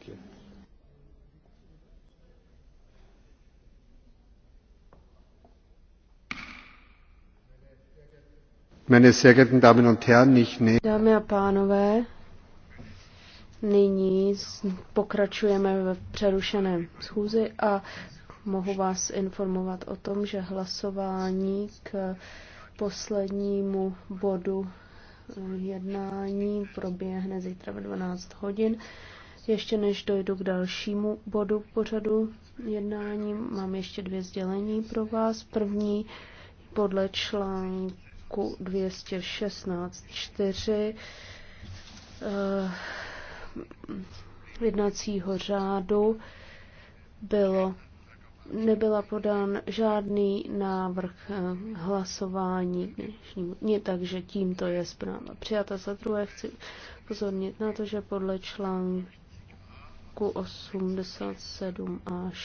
Thank you. Dámy a pánové, nyní pokračujeme v přerušeném schůzi a mohu vás informovat o tom, že hlasování k poslednímu bodu jednání proběhne zítra ve 12 hodin. Ještě než dojdu k dalšímu bodu pořadu jednání, mám ještě dvě sdělení pro vás. První podle článku 216.4 eh, jednacího řádu bylo, nebyla podán žádný návrh eh, hlasování dnešnímu dní, takže tímto je zpráva přijata. Za druhé chci pozornit na to, že podle článku článku 87 až